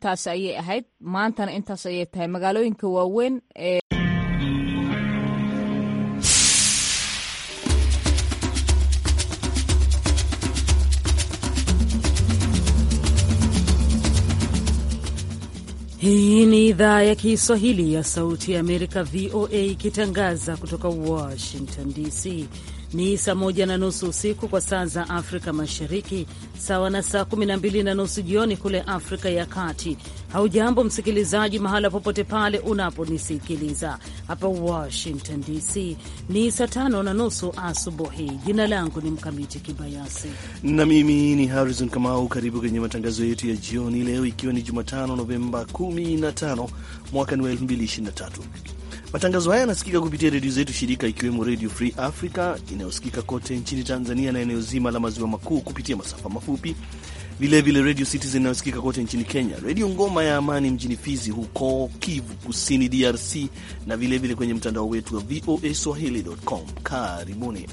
taas ayay ahayd maantana intaas ayay tahay magaalooyinka waaweyn ee Hii ni idhaa ya Kiswahili ya Sauti ya Amerika, VOA, ikitangaza kutoka Washington DC. Ni saa moja na nusu usiku kwa saa za Afrika Mashariki, sawa na saa kumi na mbili na nusu jioni kule Afrika ya Kati. Haujambo msikilizaji, mahala popote pale unaponisikiliza. Hapa Washington DC ni saa tano na nusu asubuhi. Jina langu ni Mkamiti Kibayasi na mimi ni Harrison Kamau. Karibu kwenye matangazo yetu ya jioni leo, ikiwa ni Jumatano Novemba 15 mwaka ni wa 2023. Matangazo haya yanasikika kupitia redio zetu shirika, ikiwemo Redio Free Africa inayosikika kote nchini Tanzania na eneo zima la maziwa makuu kupitia masafa mafupi, vilevile Redio Citizen inayosikika kote nchini Kenya, Redio Ngoma ya Amani mjini Fizi huko Kivu Kusini, DRC, na vilevile vile kwenye mtandao wetu wa VOA Swahili.com. Karibuni.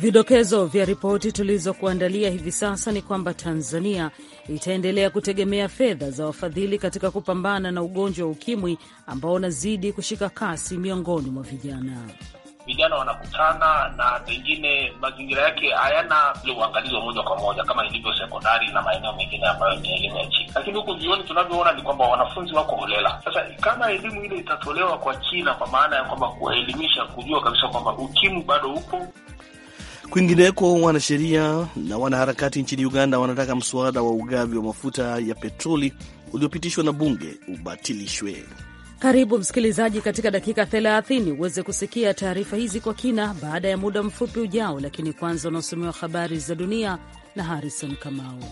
Vidokezo vya ripoti tulizokuandalia hivi sasa ni kwamba Tanzania itaendelea kutegemea fedha za wafadhili katika kupambana na ugonjwa wa ukimwi ambao unazidi kushika kasi miongoni mwa vijana. Vijana wanakutana na pengine mazingira yake hayana ule uangalizi wa moja kwa moja kama ilivyo sekondari na maeneo mengine ambayo ni elimu ya chini, lakini huku vioni tunavyoona ni kwamba wanafunzi wako holela. Sasa kama elimu ile itatolewa kwa kina, kwa maana ya kwamba kuwaelimisha, kujua kabisa kwamba ukimwi bado upo Kwingineko, wanasheria na wanaharakati nchini Uganda wanataka mswada wa ugavi wa mafuta ya petroli uliopitishwa na bunge ubatilishwe. Karibu msikilizaji, katika dakika 30 uweze kusikia taarifa hizi kwa kina baada ya muda mfupi ujao, lakini kwanza unaosomewa habari za dunia na Harrison Kamau.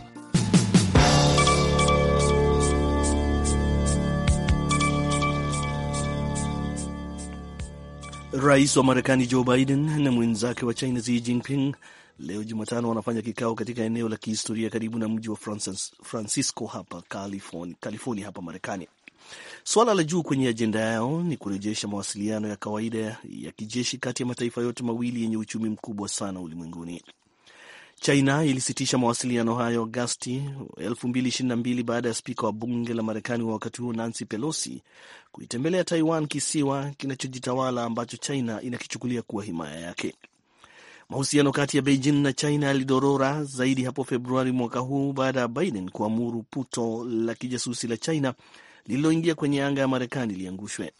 Rais wa Marekani Joe Biden na mwenzake wa China Xi Jinping leo Jumatano wanafanya kikao katika eneo la kihistoria karibu na mji wa Francisco hapa California, California hapa Marekani. Suala la juu kwenye ajenda yao ni kurejesha mawasiliano ya kawaida ya kijeshi kati ya mataifa yote mawili yenye uchumi mkubwa sana ulimwenguni. China ilisitisha mawasiliano hayo Agosti 2022 baada ya spika wa bunge la Marekani wa wakati huo Nancy Pelosi kuitembelea Taiwan, kisiwa kinachojitawala ambacho China inakichukulia kuwa himaya yake. Mahusiano kati ya Beijing na China yalidorora zaidi hapo Februari mwaka huu baada ya Biden kuamuru puto la kijasusi la China lililoingia kwenye anga ya Marekani liangushwe.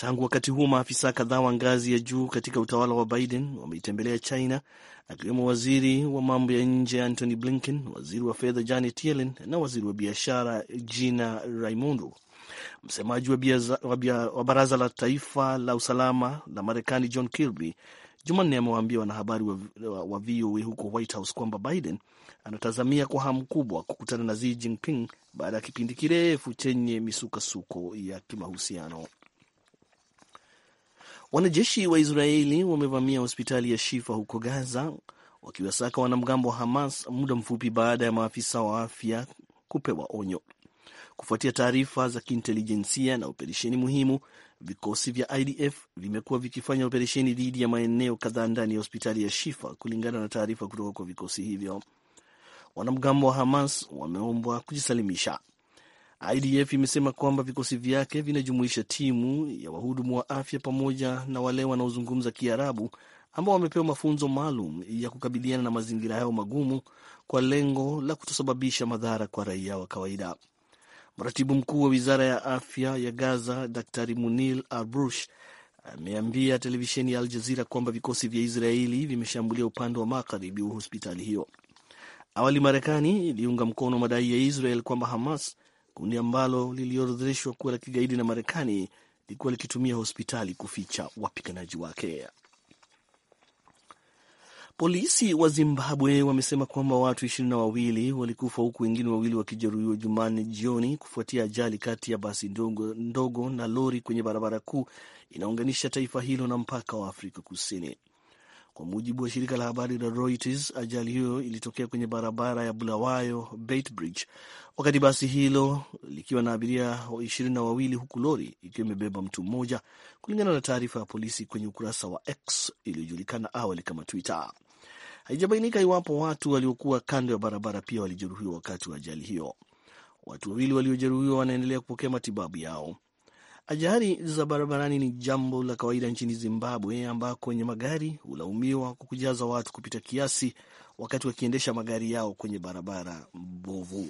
Tangu wakati huo maafisa kadhaa wa ngazi ya juu katika utawala wa Biden wameitembelea China, akiwemo waziri wa mambo ya nje Antony Blinken, waziri wa fedha Janet Yellen na waziri wa biashara Gina Raimondo. Msemaji wa, wa, baraza la taifa la usalama la Marekani John Kirby Jumanne amewaambia wanahabari wa, wa, wa VOA huko White House kwamba Biden anatazamia kwa hamu kubwa kukutana na Xi Jinping baada ya kipindi kirefu chenye misukasuko ya kimahusiano. Wanajeshi wa Israeli wamevamia hospitali ya Shifa huko Gaza, wakiwasaka wanamgambo wa Hamas muda mfupi baada ya maafisa wa afya kupewa onyo kufuatia taarifa za kiintelijensia na operesheni muhimu. Vikosi vya IDF vimekuwa vikifanya operesheni dhidi ya maeneo kadhaa ndani ya hospitali ya Shifa, kulingana na taarifa kutoka kwa vikosi hivyo. Wanamgambo wa Hamas wameombwa kujisalimisha. IDF imesema kwamba vikosi vyake vinajumuisha timu ya wahudumu wa afya pamoja na wale wanaozungumza Kiarabu ambao wamepewa mafunzo maalum ya kukabiliana na mazingira hayo magumu kwa lengo la kutosababisha madhara kwa raia wa kawaida. Mratibu mkuu wa wizara ya afya ya Gaza, Daktari Munil Arbrush, ameambia televisheni ya Al Jazira kwamba vikosi vya Israeli vimeshambulia upande wa magharibi wa hospitali hiyo. Awali, Marekani iliunga mkono madai ya Israel kwamba Hamas kundi ambalo liliorodheshwa kuwa la kigaidi na Marekani likuwa likitumia hospitali kuficha wapiganaji wake. Polisi wa Zimbabwe wamesema kwamba watu ishirini na wawili walikufa huku wengine wawili wakijeruhiwa Jumanne jioni kufuatia ajali kati ya basi ndogo, ndogo na lori kwenye barabara kuu inaunganisha taifa hilo na mpaka wa Afrika Kusini. Kwa mujibu wa shirika la habari la Reuters, ajali hiyo ilitokea kwenye barabara ya Bulawayo Beitbridge, wakati basi hilo likiwa na abiria ishirini na wawili huku lori ikiwa imebeba mtu mmoja, kulingana na taarifa ya polisi kwenye ukurasa wa X iliyojulikana awali kama Twitter. Haijabainika iwapo watu waliokuwa kando ya barabara pia walijeruhiwa wakati wa ajali hiyo. Watu wawili waliojeruhiwa wanaendelea kupokea matibabu yao. Ajali za barabarani ni jambo la kawaida nchini Zimbabwe, ambako wenye magari hulaumiwa kwa kujaza watu kupita kiasi wakati wakiendesha magari yao kwenye barabara mbovu.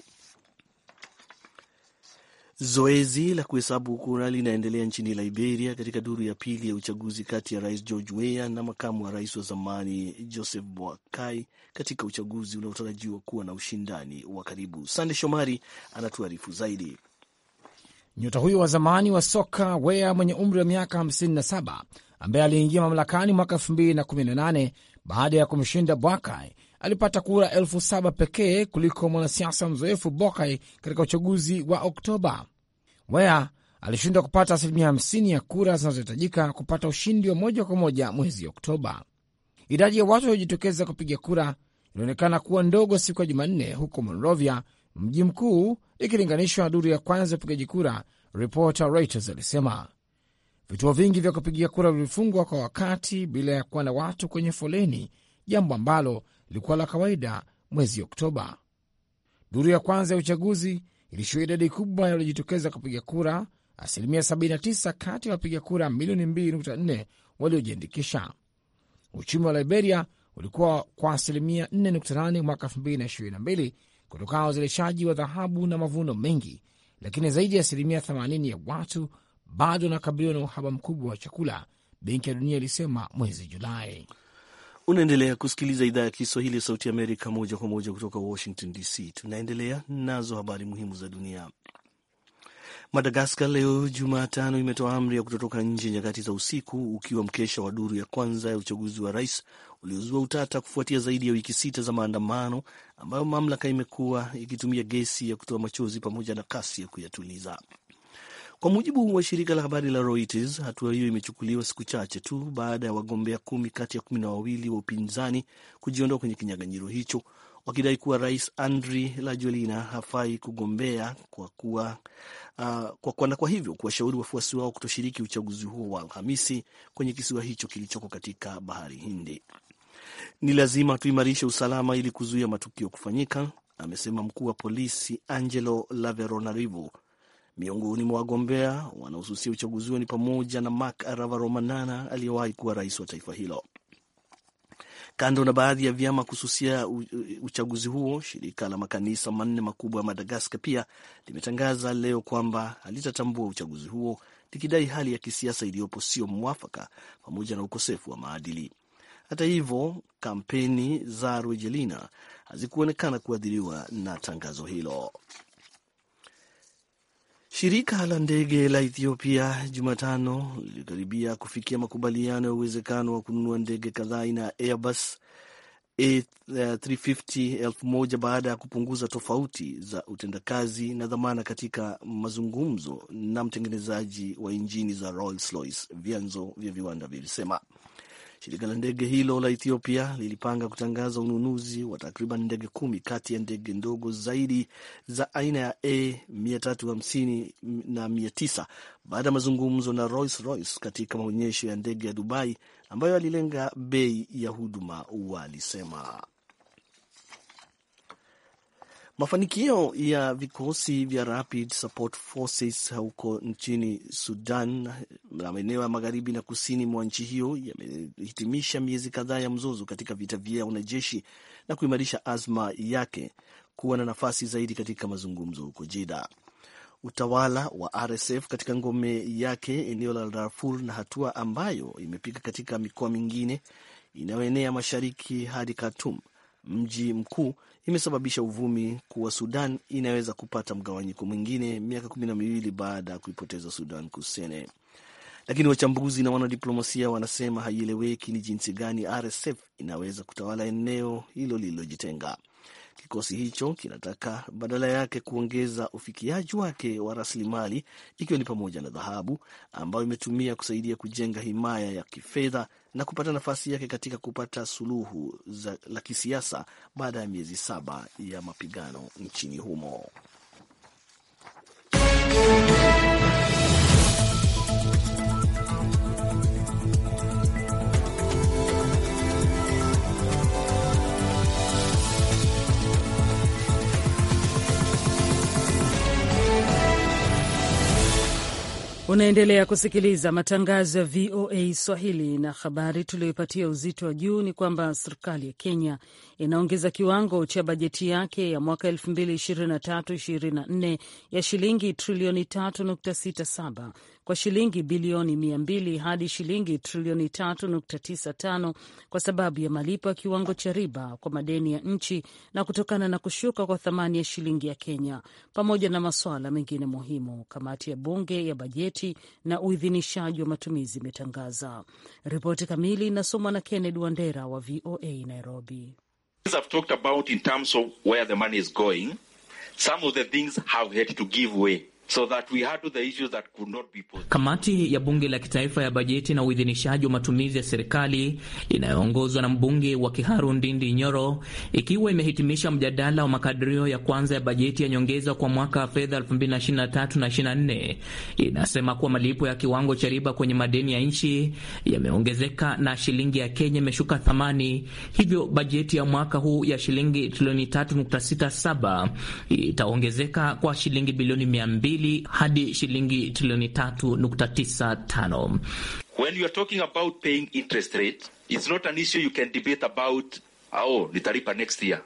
Zoezi la kuhesabu kura linaendelea nchini Liberia katika duru ya pili ya uchaguzi kati ya rais George Weah na makamu wa rais wa zamani Joseph Boakai katika uchaguzi unaotarajiwa kuwa na ushindani wa karibu. Sande Shomari anatuarifu zaidi. Nyota huyo wa zamani wa soka Wea mwenye umri wa miaka 57 ambaye aliingia mamlakani mwaka 2018 baada ya kumshinda bwakay alipata kura elfu saba pekee kuliko mwanasiasa mzoefu bokay katika uchaguzi wa Oktoba. wea alishindwa kupata asilimia 50 ya kura zinazohitajika kupata ushindi wa moja kwa moja mwezi Oktoba. Idadi ya watu waliojitokeza kupiga kura ilionekana kuwa ndogo siku ya Jumanne huko Monrovia, mji mkuu ikilinganishwa na duru ya kwanza ya upigaji kura. Ripota Reuters alisema vituo vingi vya kupigia kura vilifungwa kwa wakati bila ya kuwa na watu kwenye foleni, jambo ambalo lilikuwa la kawaida mwezi Oktoba. Duru ya kwanza ya uchaguzi ilishuhudia idadi kubwa yaliyojitokeza kupiga kura, asilimia 79 kati ya wapiga kura milioni 2.4 waliojiandikisha. Uchumi wa Liberia ulikuwa kwa asilimia 4.8 mwaka 2022 kutokana na uzalishaji wa dhahabu na mavuno mengi, lakini zaidi ya asilimia 80 ya watu bado wanakabiliwa na uhaba mkubwa wa chakula, Benki ya Dunia ilisema mwezi Julai. Unaendelea kusikiliza idhaa ya Kiswahili ya Sauti Amerika moja kwa moja kutoka Washington DC. Tunaendelea nazo habari muhimu za dunia. Madagaskar leo Jumatano imetoa amri ya kutotoka nje nyakati za usiku, ukiwa mkesha wa duru ya kwanza ya uchaguzi wa rais uliozua utata kufuatia zaidi ya wiki sita za maandamano ambayo mamlaka imekuwa ikitumia gesi ya kutoa machozi pamoja na kasi ya kuyatuliza. Kwa mujibu wa shirika la habari la Reuters, hatua hiyo imechukuliwa siku chache tu baada ya wagombea kumi kati ya kumi na wawili wa upinzani kujiondoa kwenye kinyang'anyiro hicho, wakidai kuwa rais andri Rajoelina hafai kugombea kwa kuwa uh, kwa kuwa na kwa hivyo kuwashauri wafuasi wao kutoshiriki uchaguzi huo wa Alhamisi kwenye kisiwa hicho kilichoko katika bahari Hindi. Ni lazima tuimarishe usalama ili kuzuia matukio kufanyika, amesema mkuu wa polisi Angelo Laveronarivo. Miongoni mwa wagombea wanaosusia uchaguzi huo ni pamoja na Marc ravaromanana aliyewahi kuwa rais wa taifa hilo. Kando na baadhi ya vyama kususia uchaguzi huo, shirika la makanisa manne makubwa ya Madagaskar pia limetangaza leo kwamba halitatambua uchaguzi huo likidai hali ya kisiasa iliyopo sio mwafaka pamoja na ukosefu wa maadili. Hata hivyo, kampeni za Rwegelina hazikuonekana kuathiriwa na tangazo hilo. Shirika la ndege la Ethiopia Jumatano lilikaribia kufikia makubaliano ya uwezekano wa kununua ndege kadhaa aina ya Airbus A350 elfu moja baada ya kupunguza tofauti za utendakazi na dhamana katika mazungumzo na mtengenezaji wa injini za Rolls Royce, vyanzo vya viwanda vilisema. Shirika la ndege hilo la Ethiopia lilipanga kutangaza ununuzi wa takriban ndege kumi kati ya ndege ndogo zaidi za aina ya A350 na 900 baada ya mazungumzo na Rolls Royce katika maonyesho ya ndege ya Dubai ambayo alilenga bei ya huduma, walisema. Mafanikio ya vikosi vya Rapid Support Forces huko nchini Sudan na maeneo ya magharibi na kusini mwa nchi hiyo yamehitimisha miezi kadhaa ya mzozo katika vita vya wanajeshi na kuimarisha azma yake kuwa na nafasi zaidi katika mazungumzo huko Jida. Utawala wa RSF katika ngome yake eneo la Darfur na hatua ambayo imepiga katika mikoa mingine inayoenea mashariki hadi Khartoum mji mkuu imesababisha uvumi kuwa Sudan inaweza kupata mgawanyiko mwingine miaka kumi na miwili baada ya kuipoteza Sudan Kusini. Lakini wachambuzi na wanadiplomasia wanasema haieleweki ni jinsi gani RSF inaweza kutawala eneo hilo lililojitenga. Kikosi hicho kinataka badala yake kuongeza ufikiaji wake wa rasilimali, ikiwa ni pamoja na dhahabu ambayo imetumia kusaidia kujenga himaya ya kifedha na kupata nafasi yake katika kupata suluhu za, la kisiasa baada ya miezi saba ya mapigano nchini humo. Unaendelea kusikiliza matangazo ya VOA Swahili na habari tuliyoipatia uzito wa juu ni kwamba serikali ya Kenya inaongeza kiwango cha bajeti yake ya mwaka 2023/24 ya shilingi trilioni 3.67 kwa shilingi bilioni 200 hadi shilingi trilioni 3.95 kwa sababu ya malipo ya kiwango cha riba kwa madeni ya nchi na kutokana na kushuka kwa thamani ya shilingi ya Kenya pamoja na masuala mengine muhimu. Kamati ya bunge ya bajeti udhibiti na uidhinishaji wa matumizi imetangaza. Ripoti kamili inasomwa na Kennedy Wandera wa VOA Nairobi. Some of the things have had to give way. So that we had to the issues that could not be posed. Kamati ya bunge la kitaifa ya bajeti na uidhinishaji wa matumizi ya serikali inayoongozwa na mbunge wa Kiharu Ndindi Nyoro ikiwa imehitimisha mjadala wa makadirio ya kwanza ya bajeti ya nyongeza kwa mwaka wa fedha 2023 na 24 inasema kuwa malipo ya kiwango cha riba kwenye madeni ya nchi yameongezeka na shilingi ya Kenya imeshuka thamani, hivyo bajeti ya mwaka huu ya shilingi trilioni 3.67 itaongezeka kwa shilingi bilioni 200 mbili hadi shilingi trilioni tatu nukta tisa tano. When you are talking about paying interest rate, it's not an issue you can debate about, oh, nitalipa next year.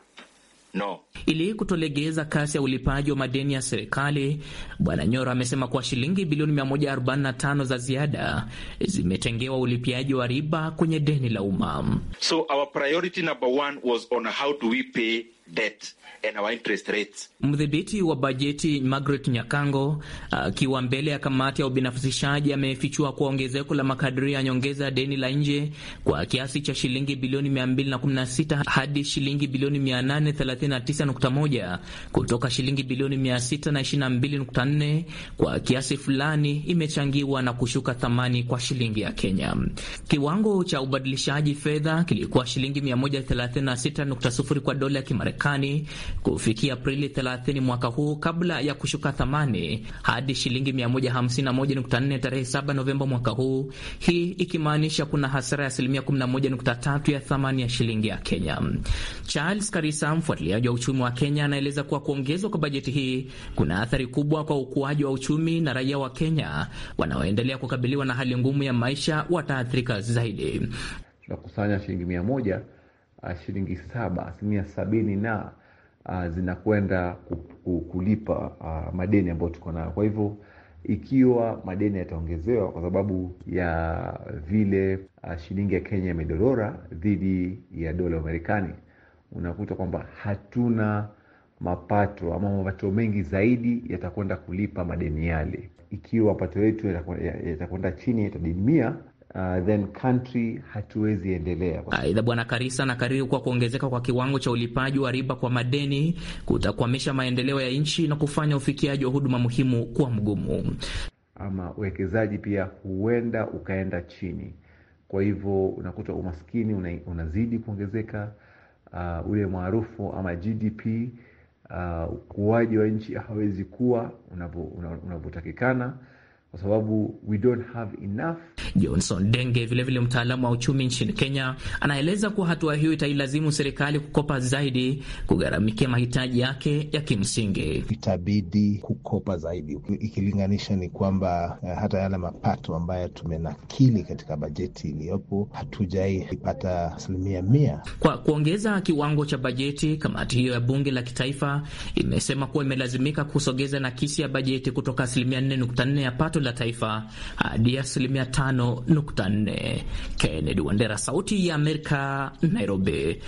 No. Ili kutolegeza kasi ya ulipaji wa madeni ya serikali, Bwana Nyoro amesema kuwa shilingi bilioni 145 za ziada zimetengewa ulipiaji wa riba kwenye deni la umma. So our priority number one was on how do we pay debt and our interest rates. Mdhibiti wa bajeti Margaret Nyakango uh, akiwa uh, mbele ya kamati ya ubinafsishaji amefichua kuwa ongezeko la makadirio ya nyongeza ya deni la nje kwa kiasi cha shilingi bilioni 216 hadi shilingi bilioni 839.1 kutoka shilingi bilioni 622.4 kwa kiasi fulani imechangiwa na kushuka thamani kwa shilingi ya Kenya. Kiwango cha ubadilishaji fedha kilikuwa shilingi 136.0 kwa dola ya Kimarekani Marekani kufikia Aprili 30 mwaka huu kabla ya kushuka thamani hadi shilingi 151.4 tarehe 7 Novemba mwaka huu, hii ikimaanisha kuna hasara ya asilimia 11.3 ya thamani ya shilingi ya Kenya. Charles Karisa, mfuatiliaji wa uchumi wa Kenya, anaeleza kuwa kuongezwa kwa bajeti hii kuna athari kubwa kwa ukuaji wa uchumi na raia wa Kenya wanaoendelea kukabiliwa na hali ngumu ya maisha wataathirika zaidi. Tutakusanya shilingi mia moja uh, shilingi saba asilimia sabini na uh, zinakwenda kulipa uh, madeni ambayo tuko nayo. Kwa hivyo ikiwa madeni yataongezewa kwa sababu ya vile uh, shilingi ya Kenya imedorora dhidi ya dola ya Marekani, unakuta kwamba hatuna mapato ama mapato mengi zaidi yatakwenda kulipa madeni yale. Ikiwa mapato yetu yatakwenda chini, yatadidimia, Uh, then country hatuwezi endelea. Aidha, Bwana Karisa anakariri kuwa kuongezeka kwa kiwango cha ulipaji wa riba kwa madeni kutakwamisha maendeleo ya nchi na kufanya ufikiaji wa huduma muhimu kuwa mgumu, ama uwekezaji pia huenda ukaenda chini. Kwa hivyo unakuta umaskini una, unazidi kuongezeka, uh, ule maarufu ama GDP uh, ah, ukuaji wa nchi hawezi kuwa unavyotakikana una kwa sababu we don't have enough. Johnson Denge, vilevile mtaalamu wa uchumi nchini Kenya, anaeleza kuwa hatua hiyo itailazimu serikali kukopa zaidi kugharamikia mahitaji yake ya kimsingi. Itabidi kukopa zaidi ikilinganisha ni kwamba eh, hata yale mapato ambayo tumenakili katika bajeti iliyopo hatujaipata asilimia mia. Kwa kuongeza kiwango cha bajeti, kamati hiyo ya bunge la kitaifa imesema kuwa imelazimika kusogeza nakisi ya bajeti kutoka asilimia 4.4 ya pato la taifa hadi ah, asilimia 5.4. Kennedy Wandera, Sauti ya Amerika, Nairobi.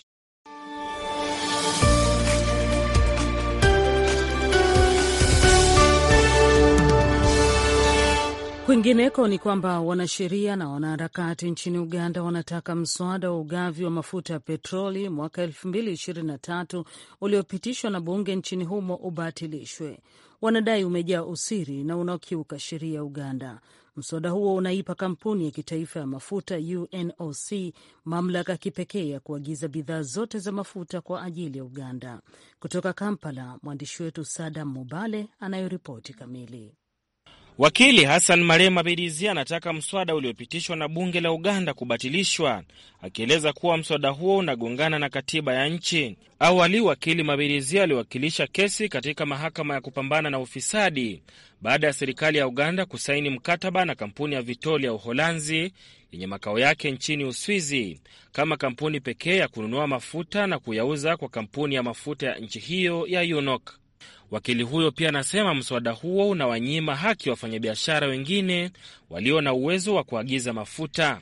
Kwingineko ni kwamba wanasheria na wanaharakati nchini Uganda wanataka mswada wa ugavi wa mafuta ya petroli mwaka 2023 uliopitishwa na bunge nchini humo ubatilishwe. Wanadai umejaa usiri na unaokiuka sheria ya Uganda. Mswada huo unaipa kampuni ya kitaifa ya mafuta UNOC mamlaka kipekee ya kuagiza bidhaa zote za mafuta kwa ajili ya Uganda. Kutoka Kampala, mwandishi wetu Sadam Mubale anayoripoti kamili. Wakili Hassan Marema Bedizi anataka mswada uliopitishwa na bunge la Uganda kubatilishwa, akieleza kuwa mswada huo unagongana na katiba ya nchi. Awali wakili Mabedizi aliwakilisha kesi katika mahakama ya kupambana na ufisadi baada ya serikali ya Uganda kusaini mkataba na kampuni ya Vitol ya Uholanzi yenye makao yake nchini Uswizi kama kampuni pekee ya kununua mafuta na kuyauza kwa kampuni ya mafuta ya nchi hiyo ya UNOC. Wakili huyo pia anasema mswada huo unawanyima haki wafanyabiashara wengine walio na uwezo wa kuagiza mafuta.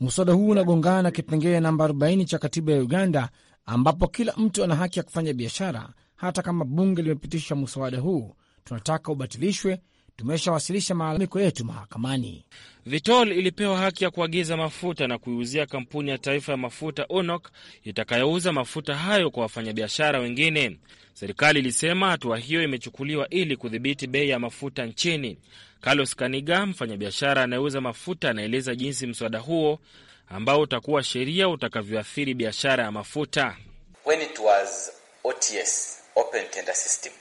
Mswada huu unagongana na kipengele namba 40 cha katiba ya Uganda, ambapo kila mtu ana haki ya kufanya biashara. Hata kama bunge limepitisha mswada huu, tunataka ubatilishwe tumeshawasilisha malalamiko yetu mahakamani. Vitol ilipewa haki ya kuagiza mafuta na kuiuzia kampuni ya taifa ya mafuta ONOC itakayouza mafuta hayo kwa wafanyabiashara wengine. Serikali ilisema hatua hiyo imechukuliwa ili kudhibiti bei ya mafuta nchini. Carlos Kaniga, mfanyabiashara anayeuza mafuta, anaeleza jinsi mswada huo ambao utakuwa sheria utakavyoathiri biashara ya mafuta. When it was OTS, open tender system,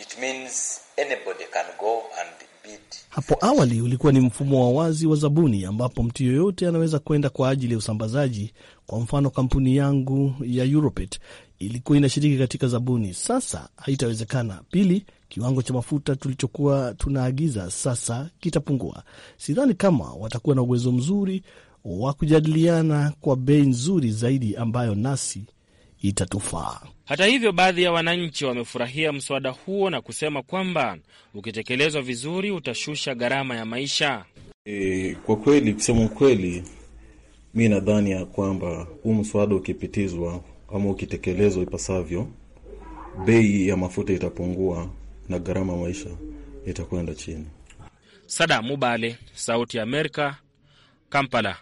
it means anybody can go and bid. Hapo awali ulikuwa ni mfumo wa wazi wa zabuni ambapo mtu yoyote anaweza kwenda kwa ajili ya usambazaji. Kwa mfano, kampuni yangu ya Europet ilikuwa inashiriki katika zabuni, sasa haitawezekana. Pili, kiwango cha mafuta tulichokuwa tunaagiza sasa kitapungua. Sidhani kama watakuwa na uwezo mzuri wa kujadiliana kwa bei nzuri zaidi ambayo nasi itatufaa. Hata hivyo, baadhi ya wananchi wamefurahia mswada huo na kusema kwamba ukitekelezwa vizuri utashusha gharama ya maisha. E, kwa kweli kusema ukweli, mi nadhani ya kwamba huu mswada ukipitizwa ama ukitekelezwa ipasavyo, bei ya mafuta itapungua na gharama maisha itakwenda chini. Sada Mubale, Sauti ya Amerika, Kampala.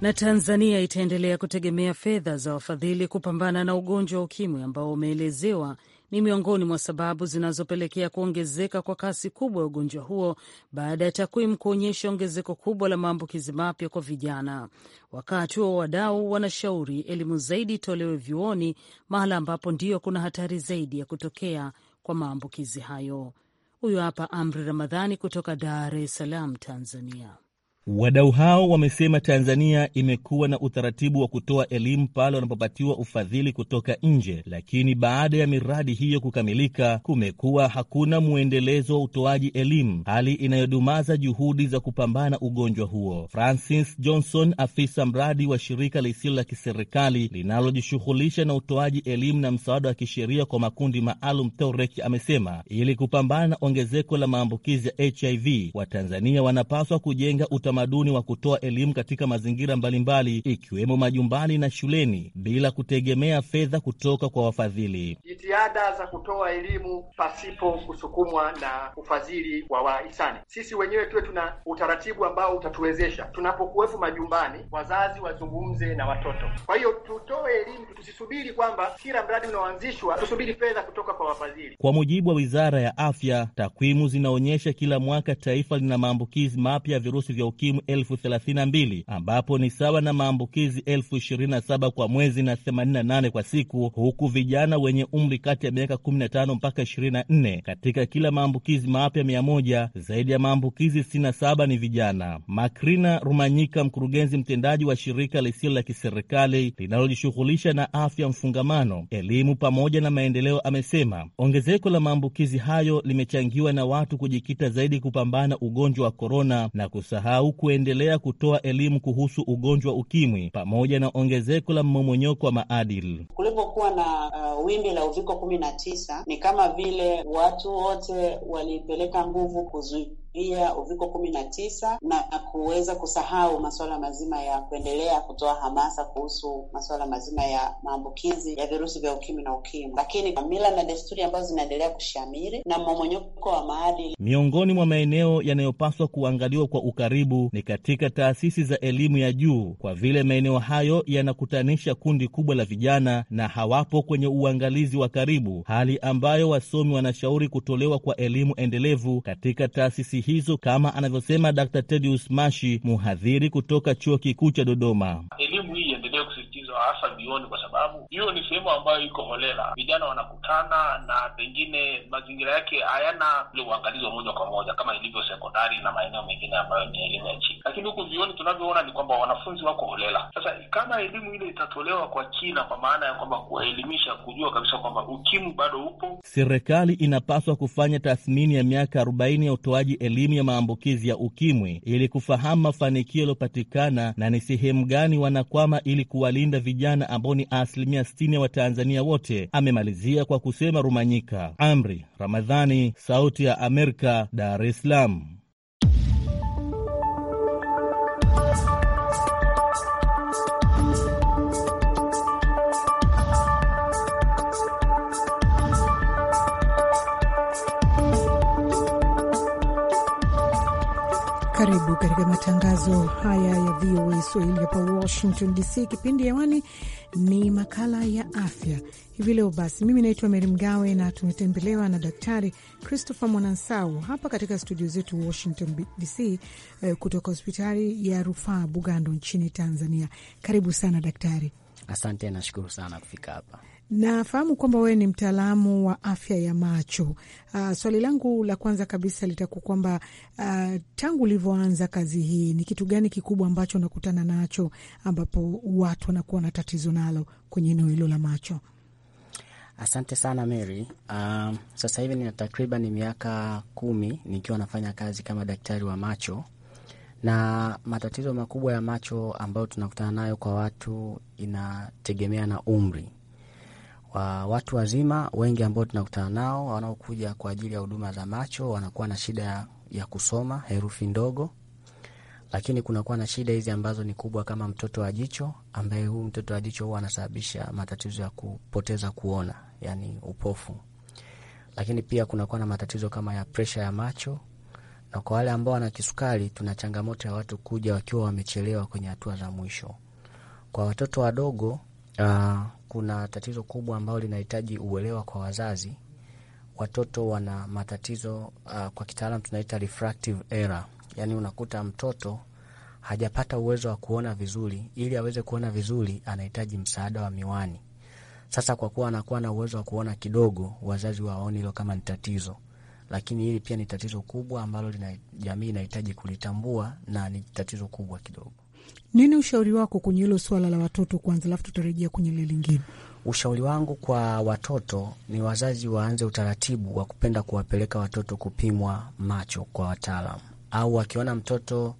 Na Tanzania itaendelea kutegemea fedha za wafadhili kupambana na ugonjwa wa ukimwi ambao umeelezewa ni miongoni mwa sababu zinazopelekea kuongezeka kwa kasi kubwa ya ugonjwa huo baada ya takwimu kuonyesha ongezeko kubwa la maambukizi mapya kwa vijana. Wakati wa wadau wanashauri elimu zaidi itolewe vyuoni, mahala ambapo ndio kuna hatari zaidi ya kutokea kwa maambukizi hayo. Huyu hapa Amri Ramadhani kutoka Dar es Salaam, Tanzania. Wadau hao wamesema Tanzania imekuwa na utaratibu wa kutoa elimu pale wanapopatiwa ufadhili kutoka nje, lakini baada ya miradi hiyo kukamilika, kumekuwa hakuna mwendelezo wa utoaji elimu, hali inayodumaza juhudi za kupambana ugonjwa huo. Francis Johnson, afisa mradi wa shirika lisilo la kiserikali linalojishughulisha na utoaji elimu na msaada wa kisheria kwa makundi maalum TOREC, amesema ili kupambana na ongezeko la maambukizi ya HIV, Watanzania wanapaswa kujenga utama utamaduni wa kutoa elimu katika mazingira mbalimbali ikiwemo majumbani na shuleni bila kutegemea fedha kutoka kwa wafadhili. Jitihada za kutoa elimu pasipo kusukumwa na ufadhili wa wahisani, sisi wenyewe tuwe tuna utaratibu ambao utatuwezesha tunapokuwepo majumbani, wazazi wazungumze na watoto. Kwa hiyo tutoe elimu, tusisubiri kwamba kila mradi unaoanzishwa tusubiri fedha kutoka kwa wafadhili. Kwa mujibu wa wizara ya afya, takwimu zinaonyesha kila mwaka taifa lina maambukizi mapya ya virusi vya ukimwi timu elfu 32 ambapo ni sawa na maambukizi elfu 27 kwa mwezi na 88 kwa siku, huku vijana wenye umri kati ya miaka 15 mpaka 24 katika kila maambukizi mapya 100 zaidi ya maambukizi 67 ni vijana. Makrina Rumanyika, mkurugenzi mtendaji wa shirika lisilo la kiserikali linalojishughulisha na afya mfungamano, elimu pamoja na maendeleo, amesema ongezeko la maambukizi hayo limechangiwa na watu kujikita zaidi kupambana ugonjwa wa korona na kusahau au kuendelea kutoa elimu kuhusu ugonjwa ukimwi pamoja na ongezeko la mmomonyoko wa maadili. Kulipokuwa na uh, wimbi la uviko kumi na tisa, ni kama vile watu wote walipeleka nguvu kuzui kuzuia uviko kumi na tisa na kuweza kusahau masuala mazima ya kuendelea kutoa hamasa kuhusu masuala mazima ya maambukizi ya virusi vya ukimwi na ukimwi, lakini mila na desturi ambazo zinaendelea kushamiri na mmomonyoko wa maadili. Miongoni mwa maeneo yanayopaswa kuangaliwa kwa ukaribu ni katika taasisi za elimu ya juu, kwa vile maeneo hayo yanakutanisha kundi kubwa la vijana na hawapo kwenye uangalizi wa karibu, hali ambayo wasomi wanashauri kutolewa kwa elimu endelevu katika taasisi hizo, kama anavyosema Dr. Tedius Mashi, mhadhiri kutoka Chuo Kikuu cha Dodoma. Elimu hii hasa jioni, kwa sababu hiyo ni sehemu ambayo iko holela, vijana wanakutana na pengine mazingira yake hayana ule uangalizi wa moja kwa moja kama ilivyo sekondari na maeneo mengine ambayo ni elimu ya chini. Lakini huku vioni tunavyoona ni kwamba wanafunzi wako holela. Sasa kama elimu ile itatolewa kwa kina, kwa maana ya kwamba kuwaelimisha, kujua kabisa kwamba ukimwi bado upo, serikali inapaswa kufanya tathmini ya miaka arobaini ya utoaji elimu ya maambukizi ya ukimwi ili kufahamu mafanikio yaliyopatikana na ni sehemu gani wanakwama ili kuwalinda vijana ambao ni asilimia 60 ya Watanzania wote. Amemalizia kwa kusema Rumanyika. Amri Ramadhani, Sauti ya Amerika, Dar es Salaam. Karibu katika matangazo haya ya VOA Swahili hapa Washington DC. Kipindi hewani ni makala ya afya hivi leo. Basi mimi naitwa Meri Mgawe na tumetembelewa na Daktari Christopher Mwanansau hapa katika studio zetu Washington DC, eh, kutoka hospitali ya rufaa Bugando nchini Tanzania. Karibu sana daktari. Asante, nashukuru sana kufika hapa. Nafahamu kwamba wewe ni mtaalamu wa afya ya macho. Uh, swali langu la kwanza kabisa litakuwa kwamba uh, tangu ulivyoanza kazi hii ni kitu gani kikubwa ambacho unakutana nacho ambapo watu wanakuwa na tatizo nalo kwenye eneo hilo la macho? Asante sana Mary. Uh, sasa hivi nina takriban miaka kumi nikiwa nafanya kazi kama daktari wa macho, na matatizo makubwa ya macho ambayo tunakutana nayo kwa watu inategemea na umri wa watu wazima wengi ambao tunakutana nao wanaokuja kwa ajili ya huduma za macho wanakuwa na shida ya ya kusoma herufi ndogo, lakini kunakuwa na shida hizi ambazo ni kubwa kama mtoto wa jicho, ambaye huu mtoto wa jicho huwa anasababisha matatizo ya kupoteza kuona, yani upofu. Lakini pia kunakuwa na matatizo kama ya presha ya macho, na kwa wale ambao wana kisukari, tuna changamoto ya watu kuja wakiwa wamechelewa kwenye hatua za mwisho. Kwa watoto wadogo uh, kuna tatizo kubwa ambalo linahitaji uelewa kwa wazazi. Watoto wana matatizo uh, kwa kitaalam tunaita refractive error, yaani unakuta mtoto hajapata uwezo wa kuona vizuri. Ili aweze kuona vizuri, anahitaji msaada wa miwani. Sasa kwa kuwa anakuwa na uwezo wa kuona kidogo, wazazi wawaoni hilo kama ni tatizo, lakini hili pia ni tatizo kubwa ambalo jamii inahitaji kulitambua na ni tatizo kubwa kidogo. Nini ushauri wako kwenye hilo swala la watoto kwanza, alafu tutarejea kwenye lile lingine? Ushauri wangu kwa watoto ni wazazi waanze utaratibu wa kupenda kuwapeleka watoto kupimwa macho kwa wataalam au wakiona mtoto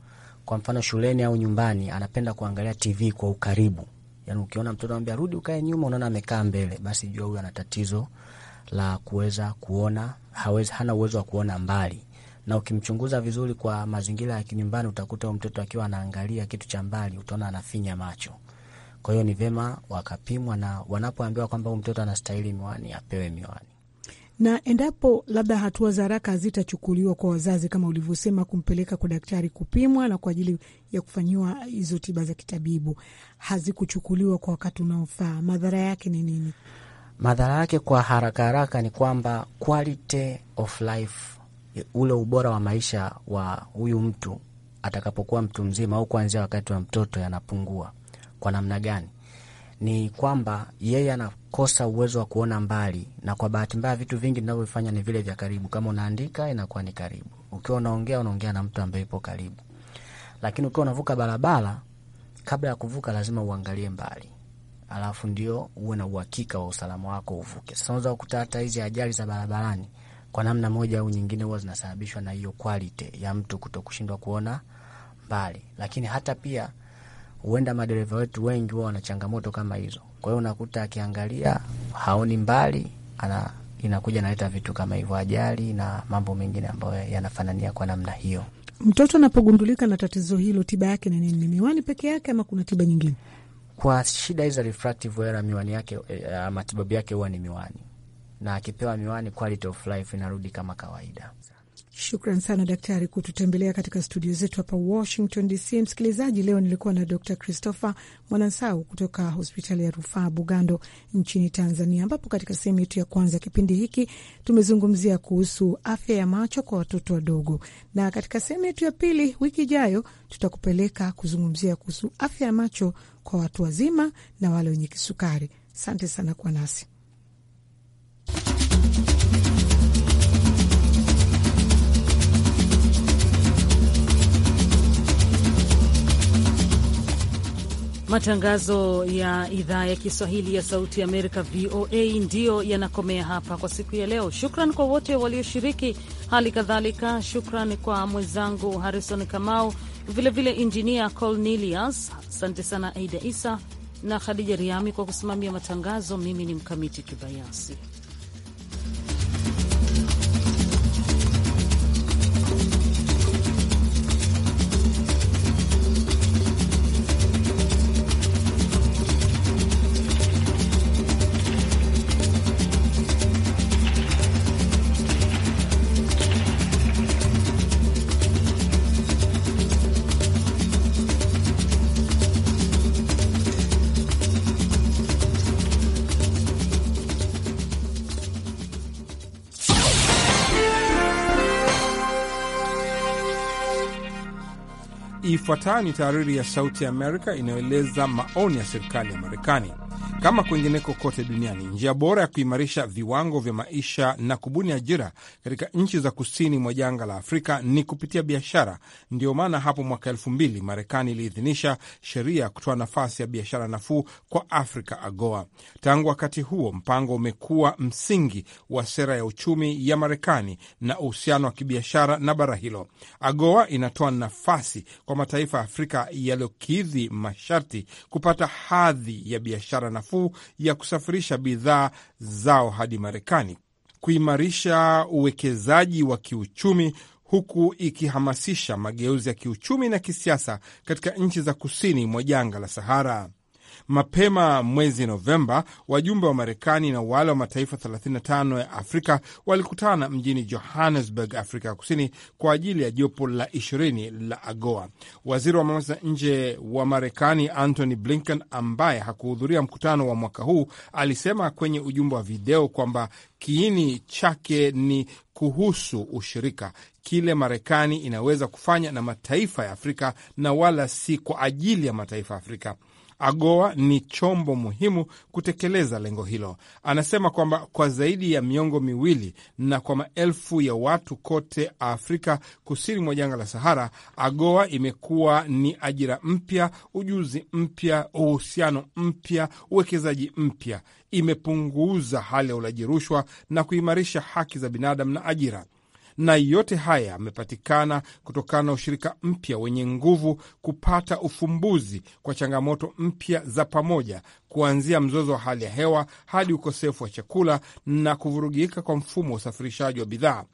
kwa mfano shuleni au nyumbani anapenda kuangalia TV kwa ukaribu, yani ukiona mtoto anambia rudi ukae nyuma, unaona amekaa mbele, basi jua huyu ana tatizo la kuweza kuona, hawezi, hana uwezo wa kuona mbali na ukimchunguza vizuri kwa mazingira ya kinyumbani, utakuta huyo mtoto akiwa anaangalia kitu cha mbali, utaona anafinya macho. Kwa hiyo ni vema wakapimwa, na wanapoambiwa kwamba huyu mtoto anastahili miwani, apewe miwani. Na endapo labda hatua za haraka hazitachukuliwa kwa wazazi, kama ulivyosema, kumpeleka kwa daktari kupimwa na kwa ajili ya kufanyiwa hizo tiba za kitabibu, hazikuchukuliwa kwa wakati unaofaa, madhara yake ni nini? Madhara yake kwa haraka haraka ni kwamba quality of life Eh, ule ubora wa maisha wa huyu mtu atakapokuwa mtu mzima au kuanzia wakati wa mtoto yanapungua. Kwa namna gani? Ni kwamba yeye anakosa uwezo wa kuona mbali, na kwa bahati mbaya vitu vingi vinavyofanya ni vile vya karibu. Kama unaandika inakuwa ni karibu, ukiwa unaongea unaongea na mtu ambaye yupo karibu, lakini ukiwa unavuka barabara, kabla ya kuvuka lazima uangalie mbali alafu ndio uwe na uhakika wa usalama wako uvuke. Sasa unaweza kukuta hata hizi ajali za barabarani kwa namna moja au nyingine huwa zinasababishwa na hiyo quality ya mtu kuto kushindwa kuona mbali, lakini hata pia huenda madereva wetu wengi huwa wana changamoto kama hizo. Kwa hiyo unakuta akiangalia haoni mbali ana inakuja naleta vitu kama hivyo, ajali na mambo mengine ambayo yanafanania kwa namna hiyo. Mtoto anapogundulika na tatizo hilo, tiba yake ni nini? Miwani peke yake ama kuna tiba nyingine? Kwa shida hizi za refractive error, miwani yake, eh, ah, matibabu yake huwa ni miwani na akipewa miwani quality of life inarudi kama kawaida. Shukran sana daktari kututembelea katika studio zetu hapa Washington DC. Msikilizaji, leo nilikuwa na Dr Christopher Mwanansau kutoka hospitali ya rufaa Bugando nchini Tanzania, ambapo katika sehemu yetu ya kwanza ya kipindi hiki tumezungumzia kuhusu afya ya macho kwa watoto wadogo, na katika sehemu yetu ya pili wiki ijayo tutakupeleka kuzungumzia kuhusu afya ya macho kwa watu wazima na wale wenye kisukari. Asante sana kuwa nasi Matangazo ya idhaa ya Kiswahili ya Sauti ya Amerika, VOA, ndiyo yanakomea hapa kwa siku ya leo. Shukran kwa wote walioshiriki, hali kadhalika shukran kwa mwenzangu Harrison Kamau, vilevile injinia Cornelius. Asante sana Aida Isa na Khadija Riami kwa kusimamia matangazo. Mimi ni Mkamiti Kibayasi. Ifuatayo ni taariri ya Sauti ya Amerika inayoeleza maoni ya serikali ya Marekani. Kama kwengineko kote duniani, njia bora ya kuimarisha viwango vya maisha na kubuni ajira katika nchi za kusini mwa janga la Afrika ni kupitia biashara. Ndiyo maana hapo mwaka elfu mbili Marekani iliidhinisha sheria ya kutoa nafasi ya biashara nafuu kwa Afrika, AGOA. Tangu wakati huo, mpango umekuwa msingi wa sera ya uchumi ya Marekani na uhusiano wa kibiashara na bara hilo. AGOA inatoa nafasi kwa mataifa ya Afrika yaliyokidhi masharti kupata hadhi ya biashara nafuu nafuu ya kusafirisha bidhaa zao hadi Marekani, kuimarisha uwekezaji wa kiuchumi huku ikihamasisha mageuzi ya kiuchumi na kisiasa katika nchi za kusini mwa jangwa la Sahara. Mapema mwezi Novemba, wajumbe wa Marekani na wale wa mataifa 35 ya Afrika walikutana mjini Johannesburg, Afrika Kusini, kwa ajili ya jopo la 20 la AGOA. Waziri wa mambo ya nje wa Marekani Antony Blinken, ambaye hakuhudhuria mkutano wa mwaka huu, alisema kwenye ujumbe wa video kwamba kiini chake ni kuhusu ushirika, kile Marekani inaweza kufanya na mataifa ya Afrika na wala si kwa ajili ya mataifa ya Afrika. AGOA ni chombo muhimu kutekeleza lengo hilo. Anasema kwamba kwa zaidi ya miongo miwili na kwa maelfu ya watu kote Afrika kusini mwa jangwa la Sahara, AGOA imekuwa ni ajira mpya, ujuzi mpya, uhusiano mpya, uwekezaji mpya. Imepunguza hali ya ulaji rushwa na kuimarisha haki za binadamu na ajira na yote haya yamepatikana kutokana na ushirika mpya wenye nguvu kupata ufumbuzi kwa changamoto mpya za pamoja, kuanzia mzozo wa hali ya hewa hadi ukosefu wa chakula na kuvurugika kwa mfumo wa usafirishaji wa bidhaa.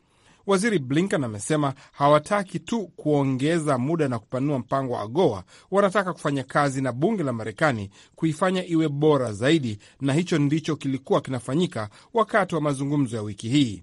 Waziri Blinken amesema hawataki tu kuongeza muda na kupanua mpango wa AGOA, wanataka kufanya kazi na bunge la Marekani kuifanya iwe bora zaidi, na hicho ndicho kilikuwa kinafanyika wakati wa mazungumzo ya wiki hii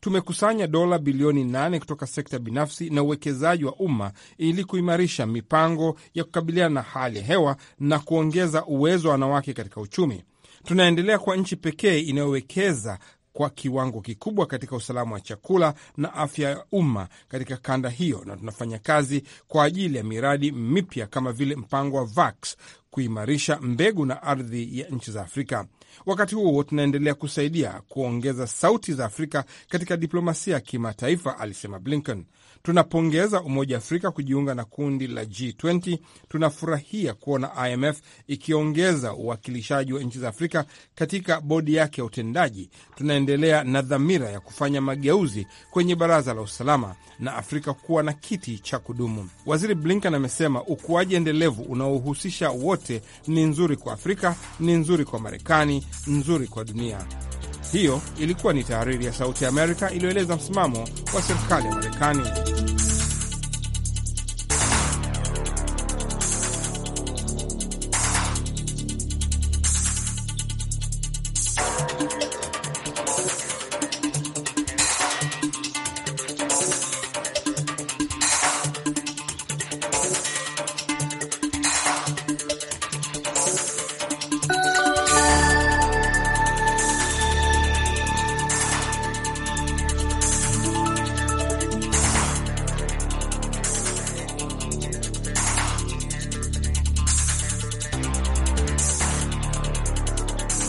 tumekusanya dola bilioni 8 kutoka sekta binafsi na uwekezaji wa umma ili kuimarisha mipango ya kukabiliana na hali ya hewa na kuongeza uwezo wa wanawake katika uchumi. Tunaendelea kuwa nchi pekee inayowekeza kwa kiwango kikubwa katika usalama wa chakula na afya ya umma katika kanda hiyo, na tunafanya kazi kwa ajili ya miradi mipya kama vile mpango wa VAX kuimarisha mbegu na ardhi ya nchi za Afrika. Wakati huo tunaendelea kusaidia kuongeza sauti za Afrika katika diplomasia ya kimataifa, alisema Blinken. Tunapongeza Umoja wa Afrika kujiunga na kundi la G20. Tunafurahia kuona IMF ikiongeza uwakilishaji wa nchi za Afrika katika bodi yake ya utendaji. Tunaendelea na dhamira ya kufanya mageuzi kwenye Baraza la Usalama na Afrika kuwa na kiti cha kudumu. Waziri Blinken amesema ukuaji endelevu unaohusisha wote ni nzuri kwa Afrika, ni nzuri kwa Marekani, nzuri kwa dunia. Hiyo ilikuwa ni tahariri ya Sauti ya Amerika iliyoeleza msimamo wa serikali ya Marekani.